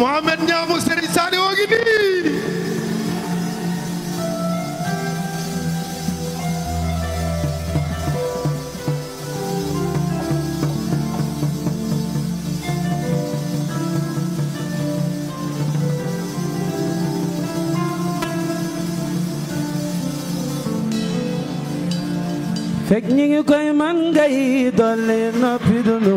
Muhammad nya mesti risale lagi ni. Fek ñi ngi koy man ngay na fidunu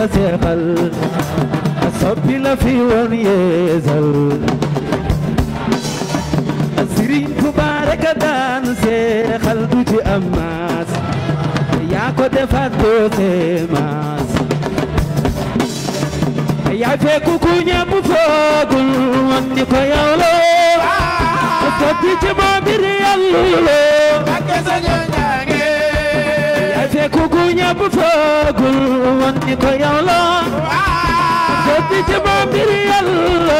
la seexal soppi la fi woon yeesal Sëriñ Tuubaa rekk a daan seexal du am maas yaa ko defaat doo yaa fekku ku ñëpp foogul woon ni ko yow loo soppi ci moom bi yàlla loo ni ko yow la sotti ci moom mbiri yàlla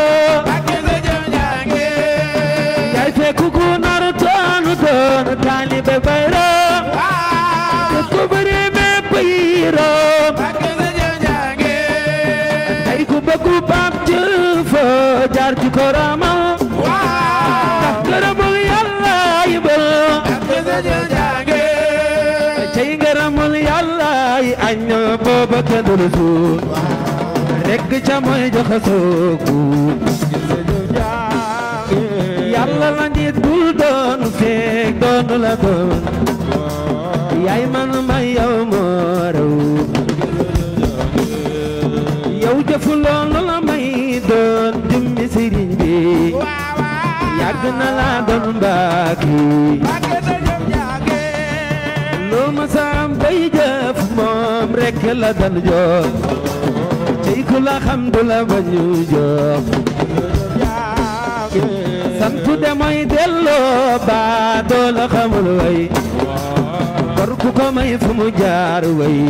yaay fekk ku nar toonu doonu taalibe bayra ku bëri mépp yiro ay ku bëgg baam jëfoo jaar ci korama ba kenn du la suuf rekk ca mooy jaxasoo guub yàlla la njiit bul doon feeg doon la doon yaay man may yow moo raw yow jëfu loolu la may doon jumbi sëriñ bi yàgg na laa doon mbaaki masaam bay jëf santu de moy delloo baa xamul way kor ko may fu mu way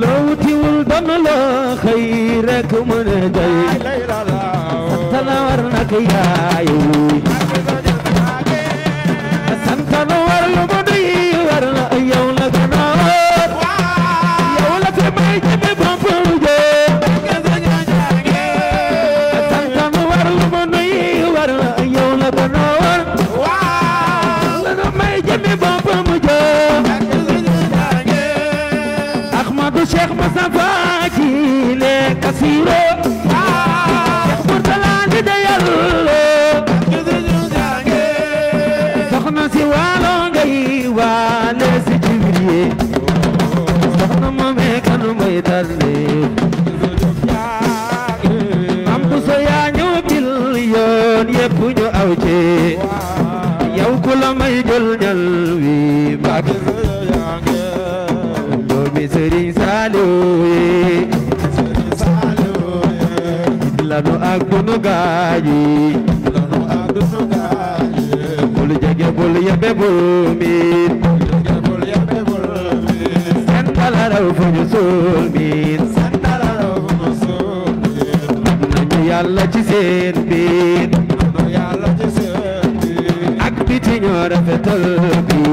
loo wutiwul doon loo xëy rek mu ne day sant war nak yaay وصفاكيني كثيرا يخبر طلال بديال سخنا سوالون جاي والس جبرية سخنا ما مكان ما يدري أم بسيا نيو بليون يبنيو أوجي yow ku la may jël ñal wi mbàkk doomi sëriñ Saliou yi Serigne Saliou yi lanu ak dunu gaaj yi lanu ak dunu gaaj yi bul jege bul yebe bul miin seen dala raw fu ñu suul miin seen dala raw fu ñu suul miin nañu yàlla ci seen biir nañu yàlla ci seen biir ak biti ñoo rafetal biir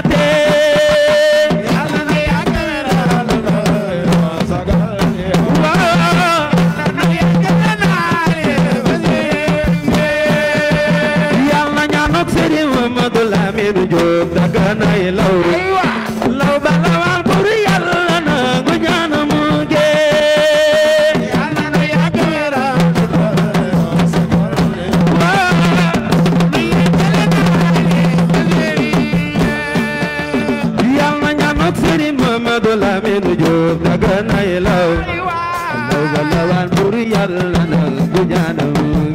Mouhamadul Amin Diop daganay law law ba lawal pour yàlla nangu ñaanam ge yàlla na yàgg wéra yàlla na ñaanuk Serigne Mouhamadul Amin Diop daganay law law ba lawal pour yàlla nangu ñaanam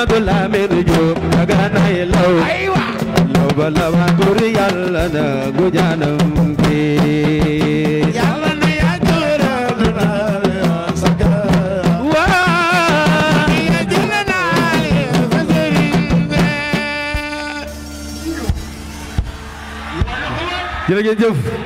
Ahmadu Lamin Jóob daga nay law law ba lawa tur yàlla na gujanam ki yàlla na ya jooram na saka wa ya jilana ali fazirin jërëjëf